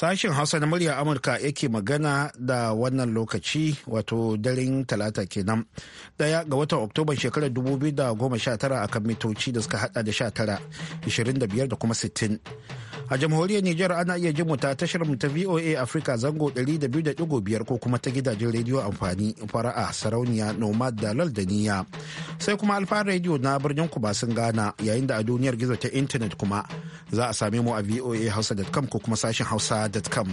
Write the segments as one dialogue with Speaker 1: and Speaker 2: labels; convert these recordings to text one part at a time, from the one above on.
Speaker 1: Sashen Hausa na murya Amurka yake magana da wannan lokaci wato daren talata kenan. Daya ga watan oktoba shekarar 2019 kan mitoci da suka hada da 19, 25 da kuma 60. a jamhuriyar Nijar ana iya jin ta tashar mu ta VOA Africa zango 200.5 ko kuma ta gidajen rediyo amfani fara'a sarauniya nomad da laldaniya. sai kuma alfa rediyo na birnin ku ba sun gana yayin da a duniyar gizo ta intanet kuma za a same mu a voa hausa.com ko kuma sashen hausa.com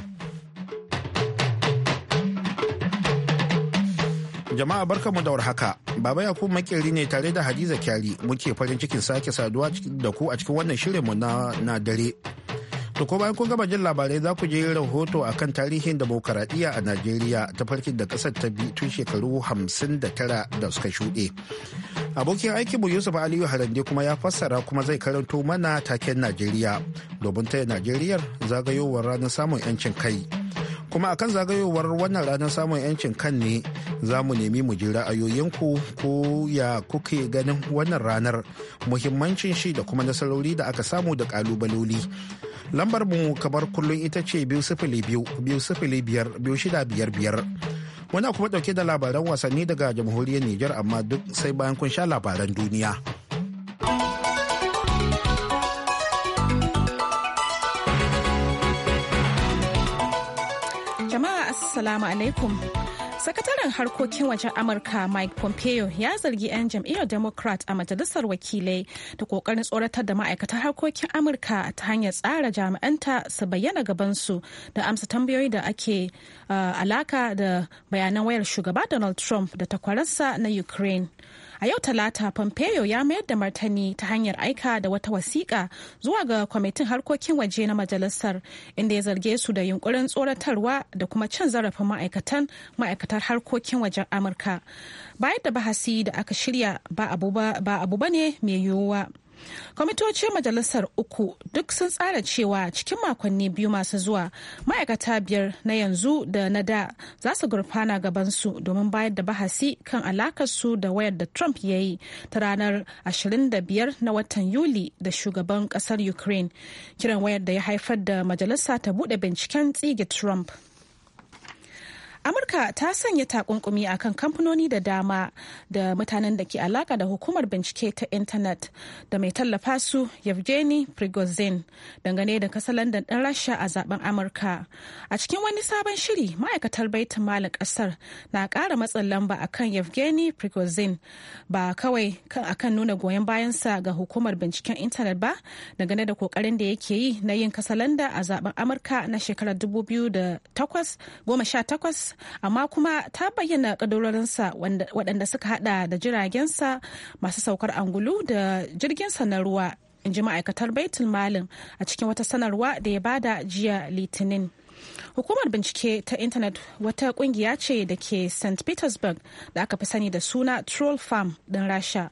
Speaker 1: jama'a mu da haka baba yakubu makeri ne tare da hadiza kyari muke farin cikin sake saduwa da ku a cikin wannan shirin shirinmu na dare To ko bayan kun gama jin labarai za ku je rahoto a kan tarihin demokaradiyya a Najeriya ta farkin da kasar ta bi tun shekaru hamsin da tara da suka shuɗe. Abokin aikin mu Yusuf Aliyu Harande kuma ya fassara kuma zai karanto mana taken Najeriya domin taya Najeriyar zagayowar ranar samun 'yancin kai. Kuma akan zagayowar wannan ranar samun 'yancin kan ne za mu nemi mu ji ra'ayoyinku ko ya kuke ganin wannan ranar muhimmancin shi da kuma nasarori da aka samu da ƙalubaloli. lambar mu kamar kullum ita ce biyu sifili biyu biyu sifili biyar biyu shida biyar biyar muna kuma dauke da labaran wasanni daga jamhuriyar Nijar amma duk sai bayan kun sha labaran duniya.
Speaker 2: Jama'a Assalamu alaikum Sakataren harkokin wajen Amurka Mike Pompeo ya zargi 'yan jam'iyyar Democrat a majalisar wakilai da kokarin tsoratar da ma'aikatan harkokin Amurka ta hanyar tsara jami'anta su bayyana gabansu da amsa tambayoyi da ake uh, alaka da bayanan wayar shugaba Donald Trump da takwararsa na Ukraine. A yau Talata, Pompeo ya mayar da martani ta hanyar aika da wata wasiƙa zuwa ga kwamitin harkokin waje na majalisar inda ya zarge su da yunkurin tsoratarwa da kuma cin zarafin ma'aikatan ma'aikatar harkokin wajen Amurka. Bayan da bahasi da aka shirya ba abu ba ne mai yiwuwa. kwamitocin majalisar uku duk sun tsara cewa cikin makonni biyu masu zuwa ma'aikata biyar na yanzu da na da za su gurfana gabansu domin bayar da bahasi kan alakarsu da wayar da trump ya yi ta ranar 25 na watan yuli da shugaban kasar ukraine kiran wayar da ya haifar da majalisa ta bude binciken tsige trump amurka ta sanya takunkumi akan kamfanoni da dama da mutanen da ke alaka da hukumar bincike ta intanet da mai tallafa su yevgeny prigozhin dangane da kasalandan ɗan rasha a zaben amurka a cikin wani sabon shiri ma'aikatar baitin malin ƙasar na ƙara matsin lamba akan yevgeny prigozhin ba kawai kan akan nuna goyon bayansa ga hukumar binciken intanet ba dangane da kokarin da yake yi na yin kasalanda a zaben amurka na shekarar 2018 amma kuma ta bayyana ƙadurorinsa waɗanda suka hada da jiragensa masu saukar angulu da jirginsa na ruwa in ji ma'aikatar baitul malin a cikin wata sanarwa da ya bada jiya litinin. Hukumar bincike ta intanet wata kungiya ce da ke St. Petersburg da aka fi sani da suna Troll Farm din Rasha,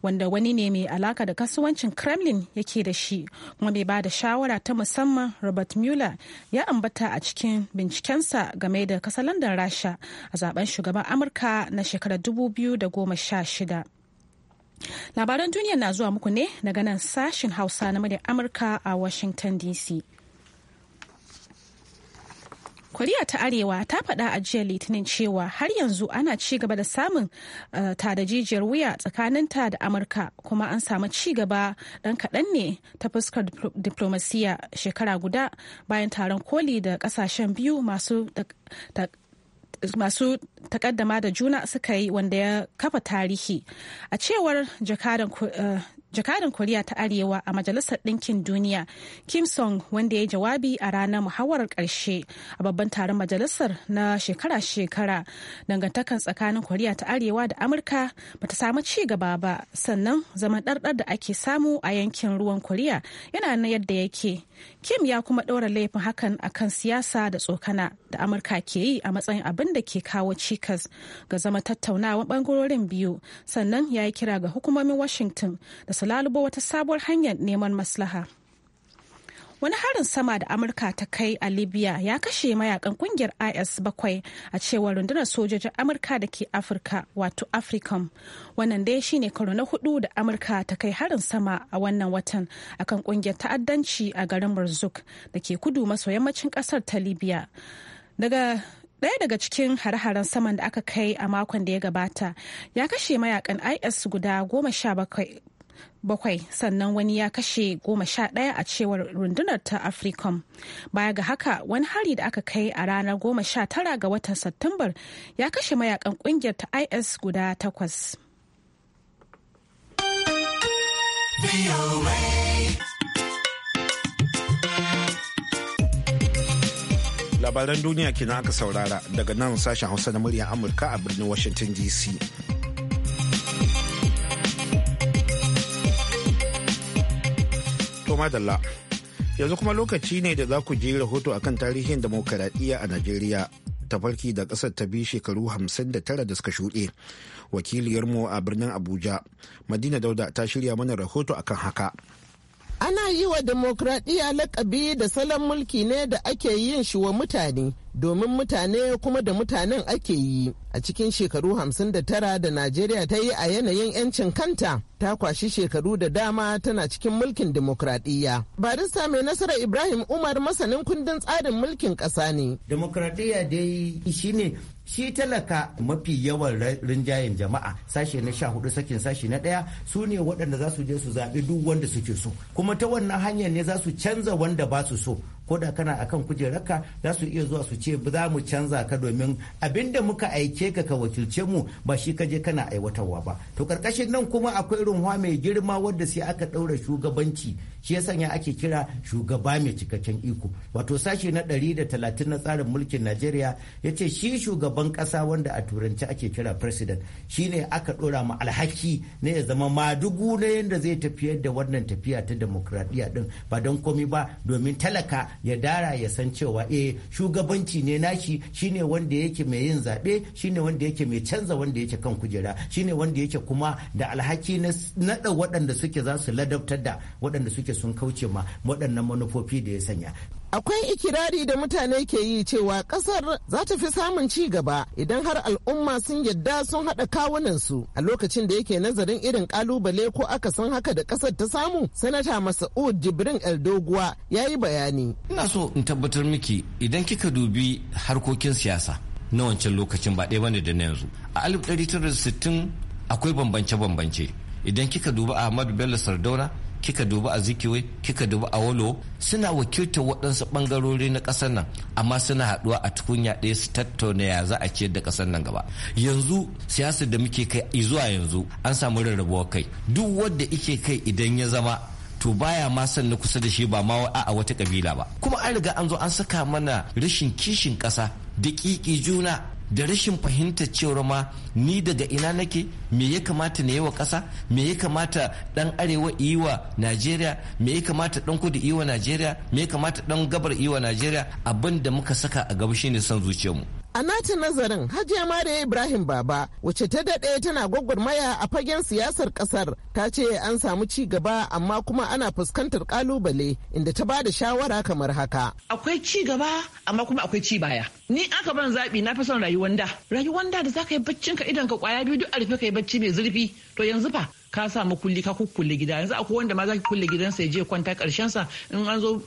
Speaker 2: wanda wani ne mai alaka da kasuwancin Kremlin yake da shi, kuma mai ba da shawara ta musamman Robert Mueller ya ambata a cikin bincikensa game da kasalandan Rasha a zaben shugaban Amurka na shekarar 2016. Labaran duniya na zuwa muku ne daga nan sashin Hausa na muryar Amurka a Washington DC. koriya ta arewa ta faɗa a jiya litinin cewa har yanzu ana ci gaba da samun eh, tada jijiyar wuya tsakaninta da amurka kuma an samu ci gaba ɗan kaɗan ne ta fuskar diplomasiya shekara guda bayan taron koli da ƙasashen biyu masu masu takaddama da juna suka yi wanda ya kafa tarihi a cewar jakadan eh, jakadan koriya ta arewa a majalisar ɗinkin duniya kim song wanda ya jawabi a ranar muhawarar karshe a babban taron majalisar na shekara-shekara dangantakan tsakanin koriya ta arewa da amurka ba ta samu ci gaba ba sannan zaman ɗarɗar da ake samu a yankin ruwan koriya yana na yadda yake Kim ya kuma ɗora laifin hakan a kan siyasa da tsokana da Amurka ke yi a matsayin abin da ke kawo cikas ga zama tattaunawa ɓangarorin biyu sannan ya yi kira ga hukumomin Washington da su lalubo wata sabuwar hanyar neman maslaha. wani harin sama da amurka ta kai a libya ya kashe mayakan kungiyar is bakwai a cewar rundunar sojojin amurka da ke afirka wato africom wannan dai shine karo na hudu da amurka ta kai harin sama a wannan watan akan kungiyar ta'addanci a garin marzuk da ke kudu maso yammacin kasar ta libya daga Daya daga cikin hare-haren saman da aka kai a makon da ya gabata ya kashe mayakan IS guda goma sha bakwai bakwai sannan wani ya kashe goma sha ɗaya a cewar rundunar ta africom baya ga haka wani hari da aka kai a ranar goma sha tara ga watan satumbar ya kashe mayakan kungiyar ta is guda takwas
Speaker 1: labaran duniya kenan aka saurara daga nan sashen hausa na muryar amurka a birnin washington dc madalla. Yanzu kuma lokaci ne da za ku ji rahoto akan tarihin demokaradiyya a Najeriya. farki da kasar ta bi shekaru 59 da suka shuɗe. Wakiliyarmu a birnin Abuja, Madina Dauda ta shirya mana rahoto akan haka.
Speaker 3: Ana yi wa demokradiyya lakabi da salon mulki ne da ake yin shi wa mutane, domin mutane kuma da mutanen ake yi. A cikin shekaru 59 da Najeriya ta yi a yanayin 'yancin kanta, ta kwashi shekaru da dama tana cikin mulkin demokradiyya. Barista mai nasara Ibrahim Umar masanin kundin tsarin mulkin ƙasa ne. Demokradiyya dai shi ne.
Speaker 4: shi talaka mafi yawan rinjayen jama'a sashe na sha hudu sakin sashe na ɗaya su ne waɗanda za su je su zaɓi duk wanda suke so kuma ta wannan hanyar ne za su canza wanda ba su so ko da kana akan kujeraka za su iya zuwa su ce za mu canza ka domin abin da muka aike ka ka wakilce mu ba shi ka je kana aiwatarwa ba to karkashin nan kuma akwai runwa mai girma wadda sai aka ɗaura shugabanci shi ya sanya ake kira shugaba mai cikakken iko wato sashe na 130 na tsarin mulkin najeriya ya ce shi shugaban kasa wanda a turanci ake kira president shine aka dora ma alhaki ne ya zama ma madugu na yadda zai tafiyar da wannan tafiya ta demokradiyya din ba don komi ba domin talaka ya dara ya san cewa eh shugabanci ne nashi shine wanda yake mai yin zaɓe shine wanda yake mai canza wanda yake kan kujera shine wanda yake kuma da alhaki na naɗa waɗanda suke za su ladabtar da waɗanda suke sun kauce ma waɗannan manufofi da ya sanya
Speaker 3: akwai ikirari da mutane ke yi cewa kasar za ta fi samun ci gaba idan har al'umma sun yadda sun haɗa kawunansu a lokacin da yake nazarin irin kalubale ko aka san haka da kasar ta samu sanata masa'ud jibrin eldoguwa ya yi bayani
Speaker 4: ina so in tabbatar miki idan kika dubi harkokin siyasa na wancan lokacin ba ɗaya bane da na yanzu a 1960 akwai bambance-bambance idan kika duba ahmadu bello sardauna kika dubi a zikiwe kika dubi a walo suna wakiltar waɗansu ɓangarori na ƙasar nan amma suna haɗuwa a tukunya ɗaya su tattauna ya za a ciyar da ƙasar nan gaba yanzu siyasar da muke kai zuwa yanzu an samu rarrabuwa kai duk wanda ike kai idan ya zama to baya ma san na kusa da shi ba ma a wata ƙabila ba kuma an riga an zo an saka mana rashin kishin ƙasa da ƙiƙi juna da rashin fahimtar cewar ma ni daga ina nake me ya kamata na yi wa ƙasa me ya kamata dan arewa iwa najeriya me ya kamata dan kudu iwa najeriya me ya kamata dan gabar iwa najeriya abinda muka saka a gaba shine son zuciyarmu
Speaker 3: A nata nazarin Hajiya Mariya Ibrahim Baba wace ta daɗe tana gwagwarmaya a fagen siyasar ƙasar ta ce an samu ci gaba amma kuma ana fuskantar ƙalubale inda ta ba da shawara kamar haka. Akwai ci gaba amma kuma akwai ci baya. Ni aka ban zaɓi na fi son rayuwar da. rayuwar da da za ka yi baccin ka idan ka kwaya biyu duk a rufe ka yi bacci mai zurfi to yanzu fa ka sa makulli ka kukkulle gida yanzu akwai wanda ma zaki kulle gidansa ya je kwanta karshen sa in an zo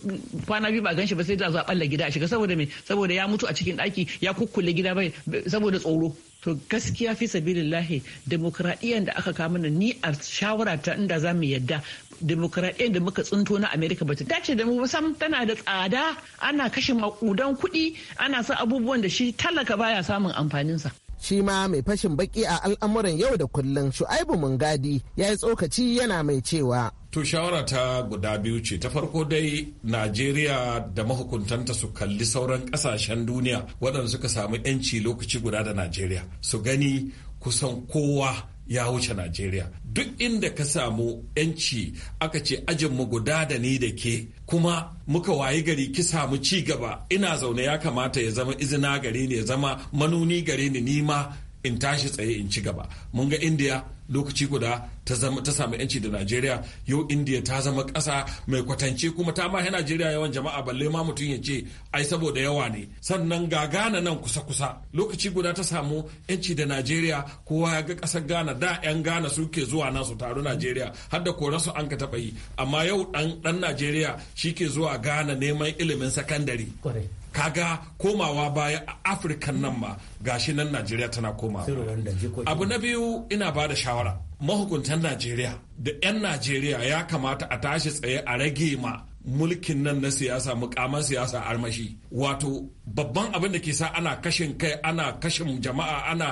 Speaker 3: kwana biyu ba ganshi ba sai da zo a balla gida a shiga saboda me saboda ya mutu a cikin daki ya kukkulle gida bai saboda tsoro to gaskiya fi sabilillahi demokradiyyar da aka mana ni a shawara ta inda za mu yadda demokradiyyar da muka tsinto na america ba ta dace da mu sam tana da tsada ana kashe makudan kuɗi ana sa abubuwan da shi talaka baya samun amfanin sa. shi ma mai fashin baki a al'amuran yau da kullum shu'aibu mungadi ya yi tsokaci yana mai cewa
Speaker 5: to shawara ta guda biyu ce ta farko dai najeriya da mahukuntanta su kalli sauran kasashen duniya waɗanda suka samu 'yanci lokaci guda da najeriya su gani kusan kowa ya wuce Najeriya. Duk inda ka samu 'yanci aka ce ajinmu guda da ni da ke kuma muka wayi gari ki samu ci gaba ina zaune ya kamata ya zama izina gare ni ya zama manuni gare ni nima in tashi tsaye in ci gaba. Mun ga Indiya. lokaci guda ta zama ta samu yanci da Najeriya yau indiya ta zama ƙasa mai kwatance kuma ta mahe Najeriya yawan jama'a balle ma mutum ya ce ai saboda yawa ne sannan ga Ghana nan kusa kusa lokaci guda ta samu yanci da Najeriya kowa ya ga ƙasar Ghana da 'yan Ghana suke zuwa nan su taru Najeriya har da kora su an ka taɓa yi amma yau ɗan Najeriya shi ke zuwa Ghana neman ilimin sakandare. kaga komawa baya a afirka nan ma gashi nan najeriya tana komawa abu na biyu ina ba da shawara mahukuntan najeriya da 'yan najeriya ya kamata a tashi tsaye a rage ma mulkin nan na siyasa mukaman siyasa armashi wato babban abin da ke sa ana kashin kai ana kashin jama'a ana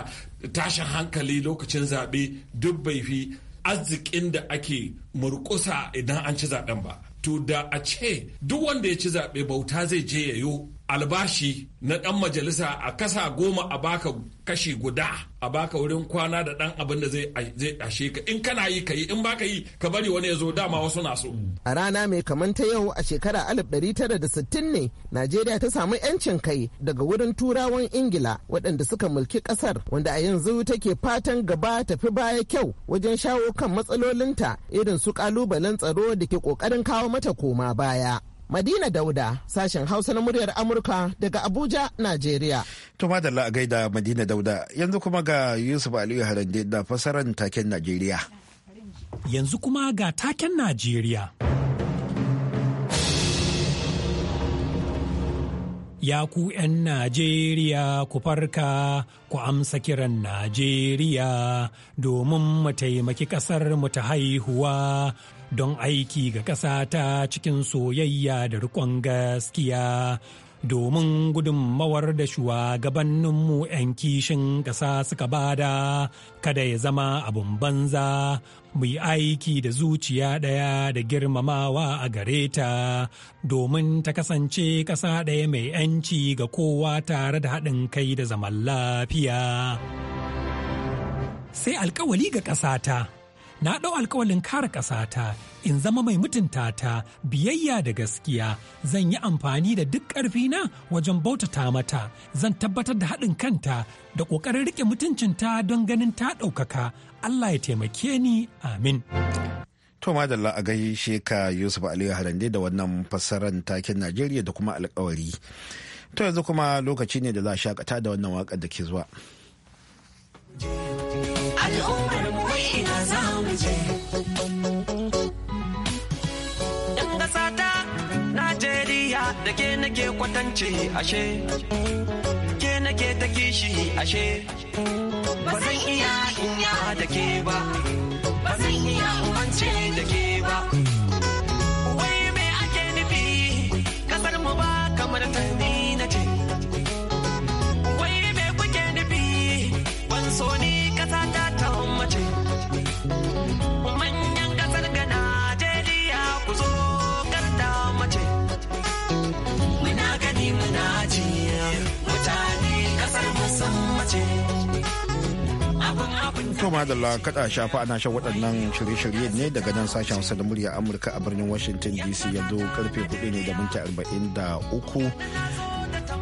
Speaker 5: tashin hankali lokacin zaɓe duk bai fi arzikin da ake murkusa idan an ci zaɓen ba to da a ce duk wanda ya ci zaɓe bauta zai je ya yayo albashi na ɗan majalisa a kasa goma a baka kashi guda a baka wurin kwana da ɗan abin da zai ashe ka in kana yi ka yi in baka yi ka bari wani ya zo dama wasu na so.
Speaker 3: A rana mai kaman ta yau a shekara 1960 ne Najeriya ta samu 'yancin kai daga wurin turawan Ingila waɗanda suka mulki ƙasar wanda a yanzu take fatan gaba tafi baya kyau wajen shawo kan matsalolinta irin su ƙalubalen tsaro da ke ƙoƙarin kawo mata koma baya. Madina Dauda, sashen Hausa na muryar Amurka daga Abuja, Najeriya.
Speaker 1: To da a gaida Madina Dauda, yanzu kuma ga Yusuf Aliyu Harande da fasaran taken Najeriya.
Speaker 6: Yanzu kuma ga taken Najeriya. Ya ku 'yan Najeriya ku farka ku amsa kiran Najeriya domin mu taimaki ƙasar mu ta haihuwa don aiki ga ƙasa ta cikin soyayya da riƙon gaskiya domin gudunmawar da shugabanninmu 'yan kishin ƙasa suka bada kada ya zama abun banza Mai aiki da zuciya ɗaya da girmamawa a gare ta domin ta kasance ƙasa ɗaya mai 'yanci ga kowa tare da haɗin kai da zaman lafiya sai alkawali ga ƙasata. na ɗau alkawalin kare ƙasata in zama mai mutunta ta biyayya da gaskiya zan yi amfani da duk ƙarfina wajen bautata mata zan tabbatar da haɗin kanta da ƙoƙarin riƙe mutuncinta don ganin ta ɗaukaka allah ya taimake ni amin
Speaker 1: to madalla a gai ka yusuf aliyu harande da wannan fassarar takin najeriya da kuma alkawari to yanzu kuma lokaci ne da za a shakata da wannan waƙar da ke zuwa
Speaker 7: al'ummar ina za mu je. Yan ƙasa ta Najeriya da ke nake kwatance ashe, ke nake ta kishi ashe. Ba zan iya inya da ke ba, ba zan iya umance da ke ba. Wai me ake nufi, ƙasar mu ba kamar ta na ce. Wai me kuke nufi, ban so ni
Speaker 1: koma da la kada shafa ana shan waɗannan shirye-shirye ne daga nan sashen Hausa da murya Amurka a birnin Washington DC yanzu karfe 4 ne da minti 43.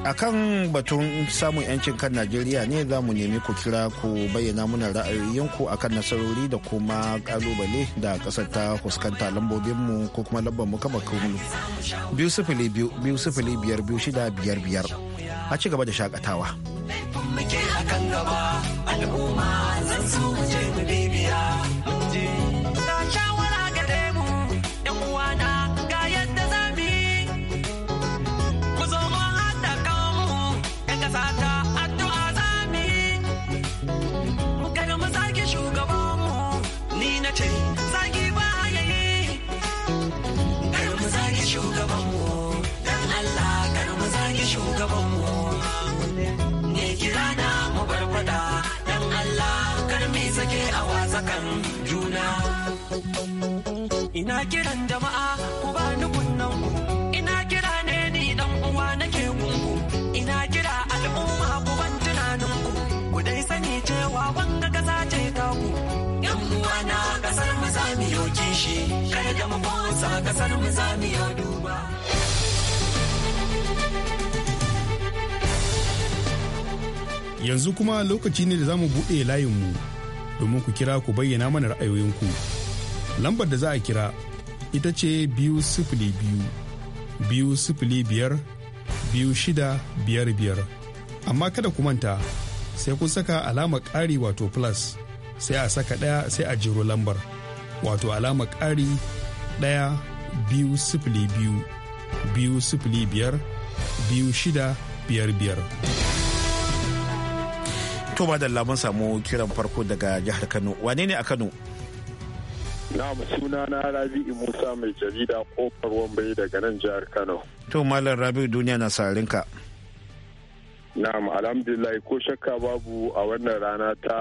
Speaker 1: A kan batun samun 'yancin kan Najeriya ne za mu nemi ku kira ku bayyana muna ra'ayoyinku akan nasarori da kuma kalubale da kasar ta fuskanta lambobinmu ko kuma lambar mu kama kunu. biyu sifili biyar, biyu shida biyar biyar. A ci gaba da shakatawa.
Speaker 7: muke kan gaba al'umma zan su mu je mu bibiya ga shawara gare mu yan uwana ga yadda za mu ku zo mu hada kanmu yan kasa ta addu'a za mu yi kada mu zage shugaban mu ni na ce zage ba ya yi kada mu zage shugaban mu dan Allah kada mu zage shugaban mu ina kiran jama'a ku ba ni kunnan ku ina kira ne ni dan uwa nake gungu ina kira al'umma ku ban tunanin ku ku dai sani cewa wanga kasa ce ta ku yan uwa na kasar mu za mu yo kishi kai da mu sa kasar mu za mu yo duba
Speaker 1: yanzu kuma lokaci ne da za mu buɗe layinmu domin ku kira ku bayyana mana ra'ayoyinku. lambar da za a kira ita ce biyu sifili biyu biyu sifili biyar biyu shida biyar biyar amma kada ku manta sai kun saka alama ƙari wato plus sai a saka ɗaya sai a jiro lambar wato
Speaker 8: alama ƙari ɗaya biyu sifili biyu biyu sifili biyar biyu shida biyar biyar.
Speaker 1: To da mun samu kiran farko daga jihar Kano wane ne a Kano?
Speaker 9: Na suna na Rabi'u Musa mai jarida kofar Wambai daga nan jihar Kano.
Speaker 1: To Malam Rabi'u duniya na sarinka ka.
Speaker 9: Na'am alhamdulillah ko shakka babu a wannan rana ta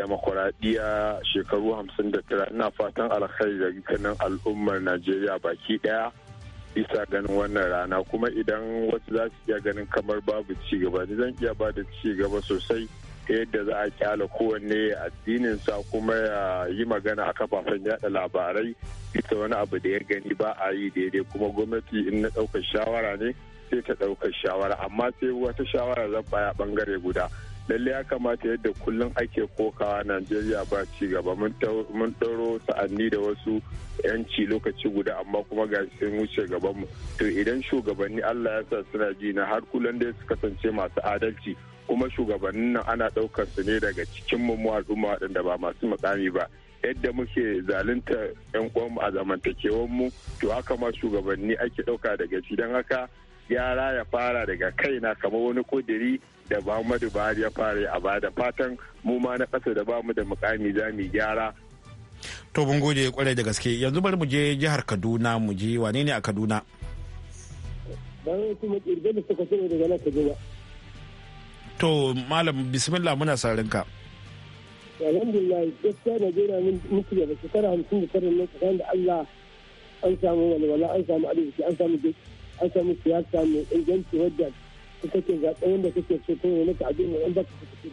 Speaker 9: demokuraɗiyya shekaru hamsin 59 ina fatan alkhairi da dukkanin al'ummar Najeriya baki ɗaya. bisa ganin wannan rana kuma idan wasu za su iya ganin kamar babu cigaba gaba zan iya ba da ci gaba sosai ta yadda za a kyala kowanne addinin sa kuma ya yi magana a kafafen yada labarai ita wani abu da ya gani ba a yi daidai kuma gwamnati in na ɗaukar shawara ne sai ta ɗaukar shawara amma sai wata shawara zan baya bangare guda lalle ya kamata yadda kullum ake kokawa najeriya ba ci gaba mun ɗauro sa'anni da wasu yanci lokaci guda amma kuma ga sun wuce gabanmu to idan shugabanni allah ya sa suna ji na har kullum da su kasance masu adalci kuma shugabannin nan ana ɗaukar su ne daga cikin mu al'umma waɗanda ba masu mukami ba yadda muke zalunta 'yan uwanmu a zamantakewar mu to haka ma shugabanni ake ɗauka daga shi don haka gyara ya fara daga kaina kamar wani kudiri da Muhammadu Buhari ya fara a bada fatan mu ma na ƙasa da bamu da mukami za mu gyara
Speaker 1: to mun gode kwarai da gaske yanzu bari mu je jihar Kaduna mu je wane ne a Kaduna
Speaker 10: bayan da suka daga Kaduna
Speaker 1: to malam bismillah muna sarin ka
Speaker 10: alhamdulillah gaskiya najeriya mun mutu da shekara hamsin da tara ne tsakanin da allah an samu walwala an samu arziki an samu an samu siyasa mai inganci wadda kake zaɓen wanda kake so ko ne ka abin da an baka kuɗi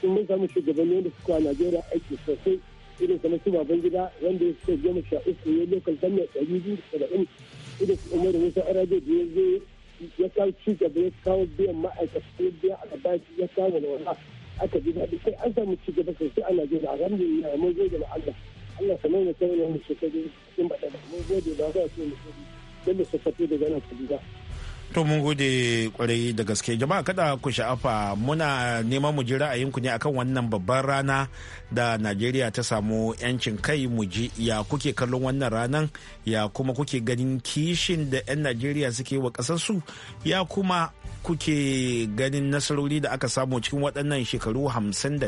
Speaker 10: sun mun samu shugabanni wanda suka a najeriya aiki sosai irin kamar su baban gida wanda ya suka goma sha uku ya lokal zanne ɗari biyu da saba'in irin su umaru musa arabe da ya zo ya kawo ci gaba ya kawo biyan ma'aikata biyan albashi ya kawo wani aka ji daɗi sai an samu ci gaba sosai a Najeriya yana mun gode da Allah Allah ka nuna kai wani shekaru cikin baɗaɗa mun gode da za su yi don da suka fito daga nan su
Speaker 1: To mun gode kwarai da gaske jama'a kada ku sha'afa muna neman mu ji ra'ayinku ne akan wannan babban rana da Najeriya ta samu 'yancin kai mu ji ya kuke kallon wannan ranan ya kuma kuke ganin kishin da 'yan Najeriya suke wa ƙasarsu ya kuma kuke ganin nasarori da aka samu cikin waɗannan shekaru 59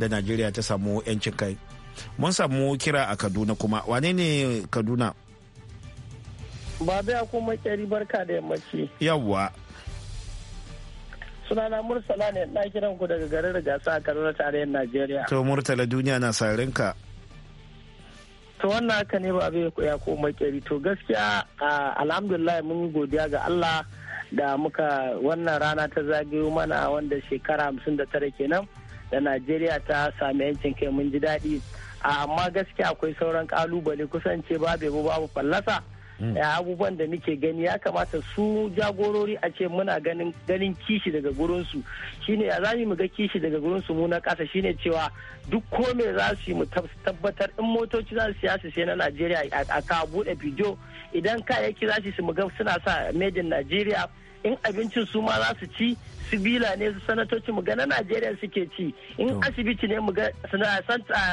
Speaker 1: da Najeriya ta samu 'yancin kai. Mun samu kira a Kaduna kuma wane ne Kaduna?
Speaker 11: Ba biya kuma kyari barka da
Speaker 1: yammaci. Yawwa.
Speaker 11: Sunana Murtala ne na kiran ku daga garin gasa a tare tarayyar Najeriya. To
Speaker 1: Murtala duniya na sarin ka.
Speaker 11: To wannan haka ne ba ya kuma kyari to gaskiya alhamdulillah mun godiya ga Allah da muka wannan rana ta zagayo mana wanda shekara hamsin da tara kenan da Najeriya ta sami yancin kai mun ji daɗi amma gaskiya akwai sauran kalubale kusance babu babu fallasa. Mm. abubuwan da muke gani ya kamata su jagorori a ce muna ganin kishi daga gurinsu shine ya za mu ga kishi daga gurinsu mu na kasa shine cewa duk ko me za su yi mu tabbatar in motoci za su siyasa sai na Najeriya a ka bude bidiyo idan kayayyaki za su mu ga suna sa made in Najeriya in abincin su ma za su ci su bila ne su sanatoci mu ga na Najeriya suke ci in asibiti ne mu ga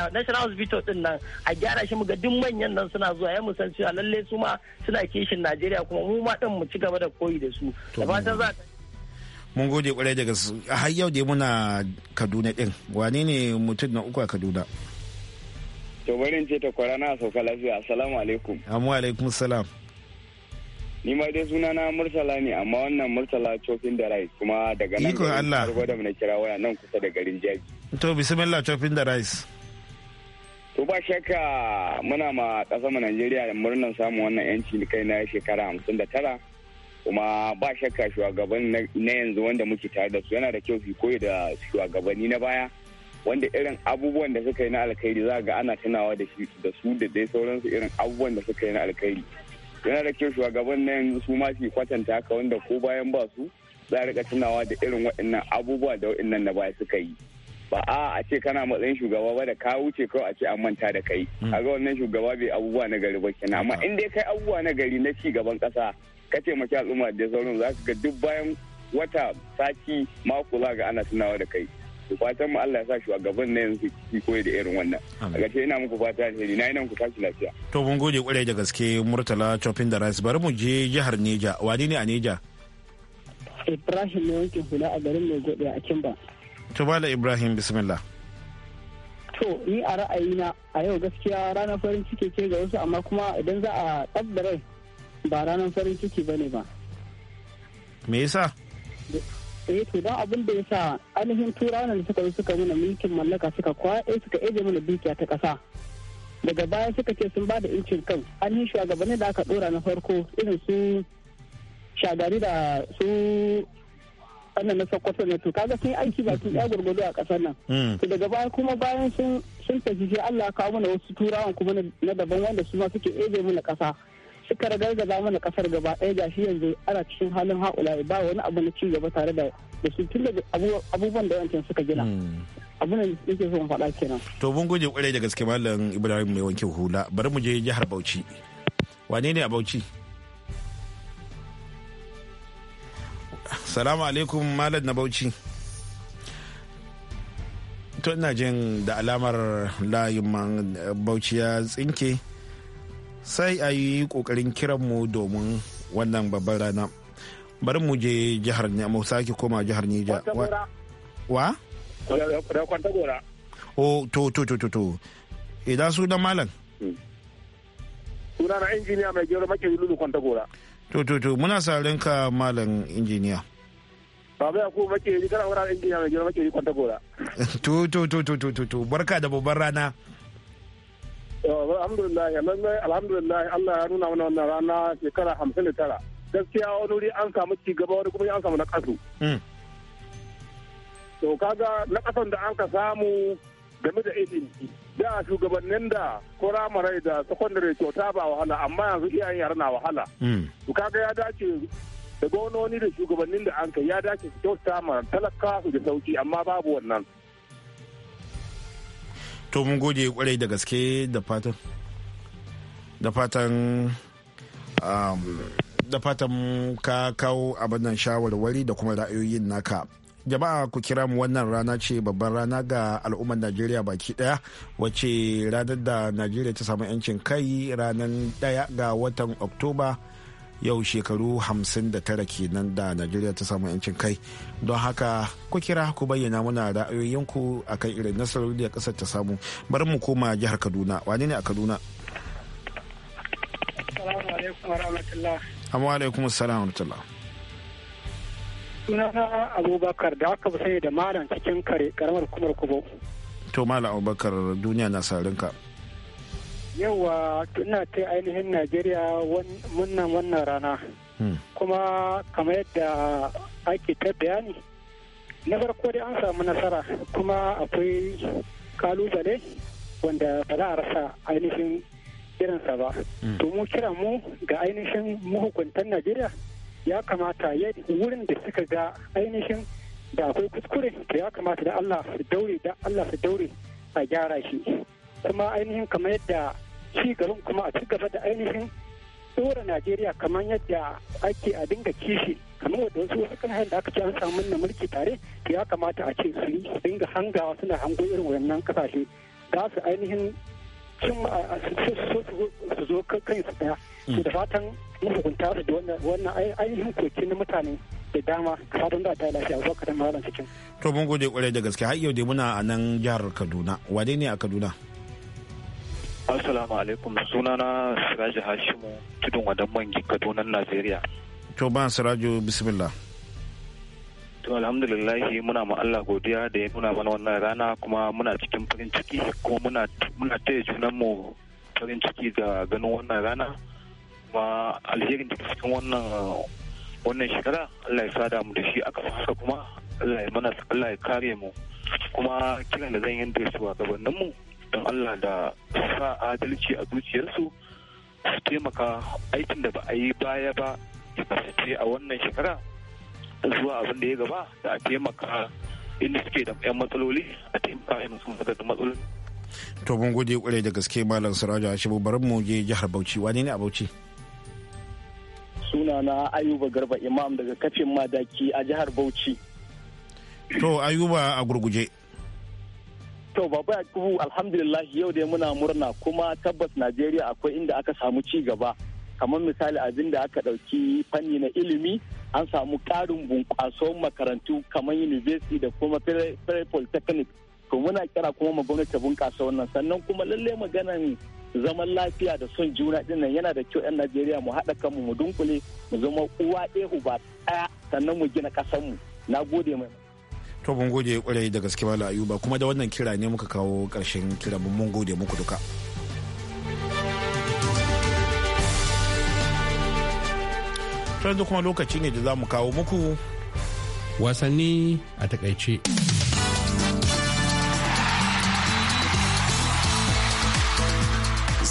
Speaker 11: National Hospital din nan a gyara shi mu ga duk manyan nan suna zuwa ya san cewa lalle su ma suna kishin Najeriya kuma mu ma din mu ci gaba da koyi da su
Speaker 1: za mun gode kwarai daga su har yau dai muna Kaduna din wane ne mutum na uku a Kaduna
Speaker 12: to ce ta kwara na sauka lafiya assalamu alaikum
Speaker 1: amma alaikum salam
Speaker 12: Ni ma dai suna na Murtala ne amma wannan Murtala Chopin da Rice kuma daga nan Ikon Allah. Gwadam na kira waya nan kusa da garin Jaji.
Speaker 1: To bismillah Chopin da Rice.
Speaker 12: To ba shakka muna ma ƙasar mu Najeriya da murnar samun wannan yanci kai na shekara hamsin da tara. Kuma ba shakka shugaban na yanzu wanda muke tare da su yana da kyau fi koyi da shugabanni na baya. wanda irin abubuwan da suka yi na alkhairi za ga ana tunawa da su da dai sauransu irin abubuwan da suka yi na alkhairi yana da kyau shugaban nan su ma su kwatanta haka wanda ko bayan ba su za a rika tunawa da irin waɗannan abubuwa da waɗannan na baya suka yi ba a a ce kana matsayin shugaba ba da ka wuce kawai a ce an manta da kai hmm. kaga wannan shugaba bai abubuwa na gari ba kenan amma hmm. in dai kai abubuwa na gari na ci gaban ƙasa ka taimaki al'umma da sauran za ka ga duk bayan wata sati mako za ga ana tunawa da kai to fatan mu Allah ya sa shugaban na yanzu ki koyi da irin wannan a gashe ina muku fata alheri na yi nan
Speaker 1: ku tashi lafiya to mun gode kwarai da gaske murtala chopin da rice bari mu je jihar Neja wani ne a Neja
Speaker 10: Ibrahim ne yake hula a garin mai gode a Kimba
Speaker 1: to bala Ibrahim bismillah
Speaker 10: to ni a ra'ayina a yau gaskiya ranar farin ciki ce ga wasu amma kuma idan za a tsaddare ba ranar farin ciki bane ba me yasa eh to don abin da ya sa ainihin turawan da suka zo suka mana mulkin mallaka suka kwaɗe suka eje mana dukiya ta ƙasa daga baya suka ce sun ba da incin kan ainihin shugabanni da aka ɗora na farko irin su shagari da su wannan na sokoto na to kaga sun aiki ba sun ya gurgudu a ƙasar nan hmm. to daga baya kuma bayan sun sun tafi sai Allah kawo mana wasu turawan kuma na daban wanda su ma suke eje mana ƙasa suka ragargaza mana kasar gaba ɗaya gashi yanzu ana cikin halin haƙula ba wani abu na ci gaba tare da da su tun daga abubuwan da yawancin suka gina hmm. abin da yake son faɗa kenan
Speaker 1: to mun gode kwarai da gaske mallam ibrahim mai wanke hula bari mu je jihar bauchi wane ne a bauchi salamu alaikum malam na bauchi to ina jin da alamar layin bauchi ya tsinke sai a yi ƙoƙarin kiranmu domin wannan babban rana bari mu je jihar mu sake koma jihar Nija. Wa? O to to to to to. Idan da malam? Hmm.
Speaker 9: Sunana injiniya mai gero make lulu kwantagora.
Speaker 1: To to to muna sarin ka malam injiniya.
Speaker 9: babu ya ku make yi kana wurin injiniya mai gero make yi kwantagora.
Speaker 1: To to to to to to barka da babban rana.
Speaker 9: Eh, alhamdulillah lallai alhamdulillah Allah ya nuna mana wannan rana shekara hamsin da tara gaskiya wani wuri an samu ci gaba wani kuma an samu na kasu hmm. to kaga na kasan da an ka samu game da ilimi da shugabannin da kuramarai da secondary kyauta ba wahala amma yanzu iyayen yara na wahala hmm. to kaga ya dace da gononi da shugabannin da an ka ya dace su kyauta ma talaka su da sauki amma babu
Speaker 1: wannan to mun gode kwarai da gaske da fatan da fatan um, da fatan ka kawo abin shawarwari da kuma ra'ayoyin naka jama'a ku kira mu wannan rana ce babban rana ga al'ummar najeriya baki daya wacce ranar da najeriya ta samu 'yancin kai ranar daya ga watan oktoba yau shekaru 59 kenan da najeriya ta samu yancin kai don haka ku kira ku bayyana muna ra'ayoyinku kan irin nasarori da kasar ta samu bari mu koma jihar kaduna wane ne a kaduna
Speaker 10: Assalamu
Speaker 1: alaikum salam wa
Speaker 10: Sunana Abubakar da aka sani da malam cikin kare karamar kumar kubo.
Speaker 1: To malam Abubakar duniya na sarinka.
Speaker 10: yawa ina ta ainihin najeriya wannan wannan rana hmm. kuma kamar yadda ake ta bayani na farko dai an samu nasara kuma akwai kalubale wanda ba za a rasa ainihin irinsa ba hmm. to mu kira mu ga ainihin mahukuntan najeriya ya kamata ya wurin da suka ga ainihin da akwai kuskure to ya kamata da allah su daure da allah su daure a gyara shi kuma ainihin kamar yadda ci garin kuma a ci gaba da ainihin tsora najeriya kamar yadda ake a dinga kishi kamar wadda wasu wasu kan da aka ci an samu na mulki tare to ya kamata a ce su dinga hangawa suna hango irin wannan kasashe za su ainihin cin su zo kai su daya da fatan mahukunta su da wannan ainihin koki na mutane da dama fatan da ta lafiya zuwa kadan malam cikin
Speaker 1: to mun gode kwarai da gaske har yau dai muna a nan jihar kaduna wane ne a kaduna
Speaker 10: Assalamu alaikum sunana Siraji Hashimu tudun wadan mangi Kaduna Najeriya.
Speaker 1: To ba Siraju bismillah.
Speaker 10: To alhamdulillah muna ma Allah godiya da ya nuna mana wannan rana kuma muna cikin farin ciki kuma muna muna taya junan mu farin ciki ga ganin wannan rana kuma alherin da cikin wannan wannan shekara Allah ya sada mu da shi aka fasa kuma Allah ya mana Allah ya kare mu kuma kiran da zan yi da su a gabanin mu don Allah da sa adalci a zuciyarsu su taimaka aikin da ba a yi baya ba ya kasance a wannan shekara zuwa abin da ya gaba da a taimaka inda suke da 'yan
Speaker 11: matsaloli a taimaka yana sun da matsaloli.
Speaker 1: To mun gode kwarai da gaske Malam Siraja Hashimu barin mu je jihar Bauchi wani ne a Bauchi?
Speaker 11: Suna na Ayuba Garba Imam daga kafin madaki a jihar Bauchi.
Speaker 1: To Ayuba a gurguje.
Speaker 11: To baba kubu alhamdulillah yau dai muna murna kuma tabbas Najeriya akwai inda aka samu ci gaba kamar misali abin da aka ɗauki fanni na ilimi an samu ƙarin bunƙaso makarantu kamar university da kuma federal polytechnic to muna kira kuma mu gwamnati bunƙasa wannan sannan kuma lalle ne zaman lafiya da son juna dinnan yana da kyau 'yan najeriya mu haɗa kanmu mu dunkule mu zama uwa ɗaya uba ɗaya sannan mu gina ƙasarmu na gode mai
Speaker 1: to mun gode kwarai da gaske mala ayuba kuma da wannan kira ne muka kawo karshen kira mun gode muku duka yanzu kuma lokaci ne da za mu kawo muku
Speaker 12: wasanni a takaice.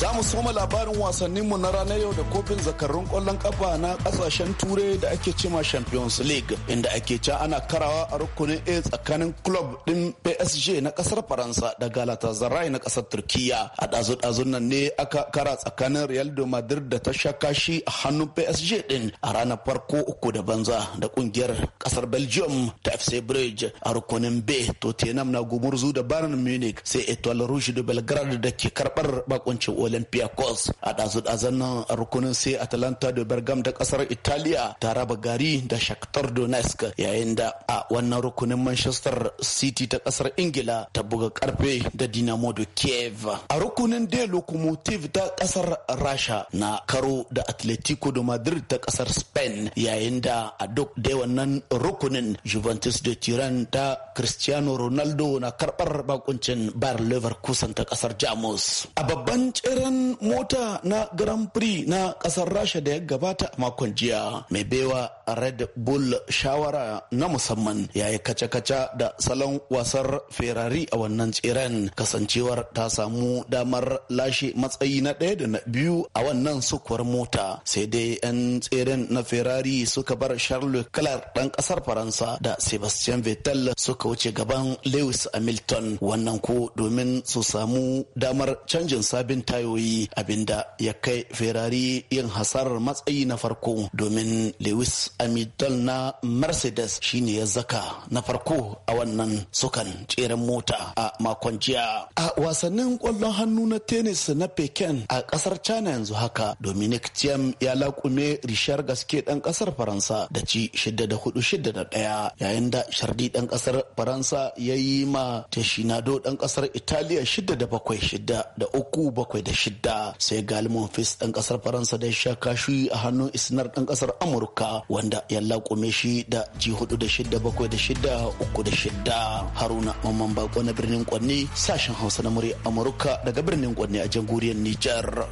Speaker 8: Za mu soma labarin mu na ranar yau da kofin zakarun kwallon kafa na kasashen turai da ake cima Champions League inda ake can ana karawa a rukunin A tsakanin club din PSG na kasar Faransa da Galatasaray na kasar Turkiya. A dazu-dazun nan ne aka kara tsakanin Real de Madrid da ta sha kashi a hannun PSG din a ranar farko uku da banza da kungiyar kasar Belgium ta FC Bridge a rukunin B. Tottenham na gumurzu da Bayern Munich sai Etoile Rouge de Belgrade da ke karbar bakuncin olympiacos a ɗazu-ɗazan nan rukunin sai atalanta da bergam da ƙasar italiya ta raba gari da shakhtar donetsk yayin da a wannan rukunin manchester city ta ƙasar ingila ta buga karfe da dinamo da kiev a rukunin de locomotive ta ƙasar rasha na karo da atletico de madrid ta ƙasar spain yayin da a duk da wannan rukunin juventus da tiran ta cristiano ronaldo na karɓar bakuncin bayar leverkusen ta ƙasar jamus a babban tsere tseren mota na Grand Prix na kasar Rasha da ya gabata a makon jiya. Mai baiwa red bull shawara na musamman ya yi kaca-kaca da salon wasar ferrari a wannan tseren kasancewar ta samu damar lashe matsayi na ɗaya da na biyu a wannan sukuwar mota sai dai 'yan tseren na ferrari suka bar charles leclerc ɗan ƙasar faransa da sebastian vettel suka wuce gaban lewis hamilton wannan ko domin su samu damar canjin sabin tayoyi abinda ya kai ferrari yin hasarar matsayi na farko domin lewis amidal na mercedes shine ya zaka na farko a wannan sukan tseren mota a makon jiya a wasannin kwallon hannu na tennis na pekin a kasar china yanzu haka dominic thiem ya lakume rishar gaske ɗan kasar faransa da ci 6 da 4 6 da 1 yayin da shardi dan kasar faransa ya yi ma tashinado ɗan kasar italiya 6 da 7 6 da 3 7 da 6 sai galmon ɗan dan kasar faransa da ya sha kashi a hannun isnar ɗan kasar amurka wanda ya laƙume shi da ji hudu da shida bakwai da shida uku da shida haruna mamman bako na birnin kwanni sashen hausa na murya amurka daga birnin kwanni a jamhuriyar nijar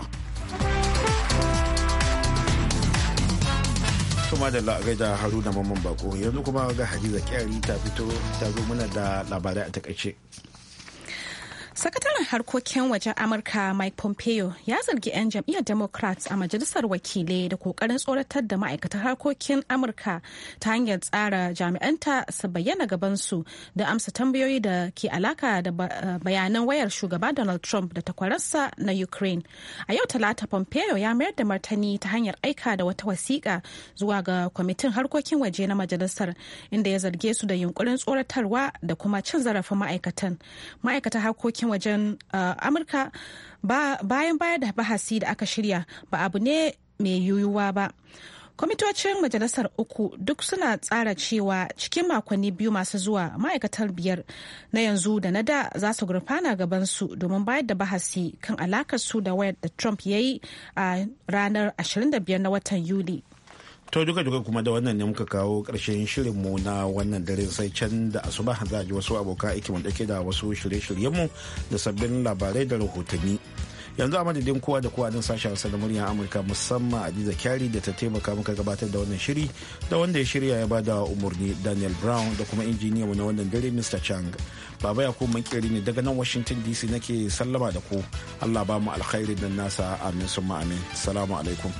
Speaker 1: kuma da gaida haruna mamman bako yanzu kuma ga hadiza kyari ta fito ta zo muna da labarai a takaice
Speaker 2: Sakataren harkokin wajen Amurka Mike Pompeo ya zargi 'yan jam'iyyar Democrats a majalisar wakilai da kokarin tsoratar da ma'aikatan harkokin Amurka ta hanyar tsara jami'anta su bayyana gaban su da amsa tambayoyi da ke alaka da eh, bayanan wayar shugaba Donald Trump da takwararsa na Ukraine. A yau talata Pompeo ya mayar da martani ta hanyar aika da wata wasiƙa zuwa ga kwamitin harkokin waje na majalisar inda ya zarge su da yunkurin tsoratarwa da kuma cin zarafin ma'aikatan. Ma'aikatan harkokin harkokin wajen uh, amurka bayan bayar da bahasi da aka shirya ba abu ne mai yiwuwa ba kwamitocin majalisar uku duk suna tsara cewa cikin makonni biyu masu zuwa ma'aikatar biyar na yanzu da na da za su gurfana gabansu domin bayar da bahasi kan alakar su da wayar da trump ya yi a ranar 25 na watan yuli
Speaker 1: to duka duka kuma da wannan ne muka kawo karshen shirin mu na wannan dare sai can da asuba za a ji wasu abokan aiki wanda ke da wasu shirye-shiryenmu da sabbin labarai da rahotanni yanzu a madadin kowa da kowa don sashen hasa da muryar amurka musamman adiza kyari da ta taimaka muka gabatar da wannan shiri da wanda ya shirya ya bada umarni daniel brown da kuma injiniya mu na wannan dare mr chang baba ya kuma makeri ne daga nan washington dc nake sallama da ku allah ba mu alkhairi da nasa amin summa amin salamu alaikum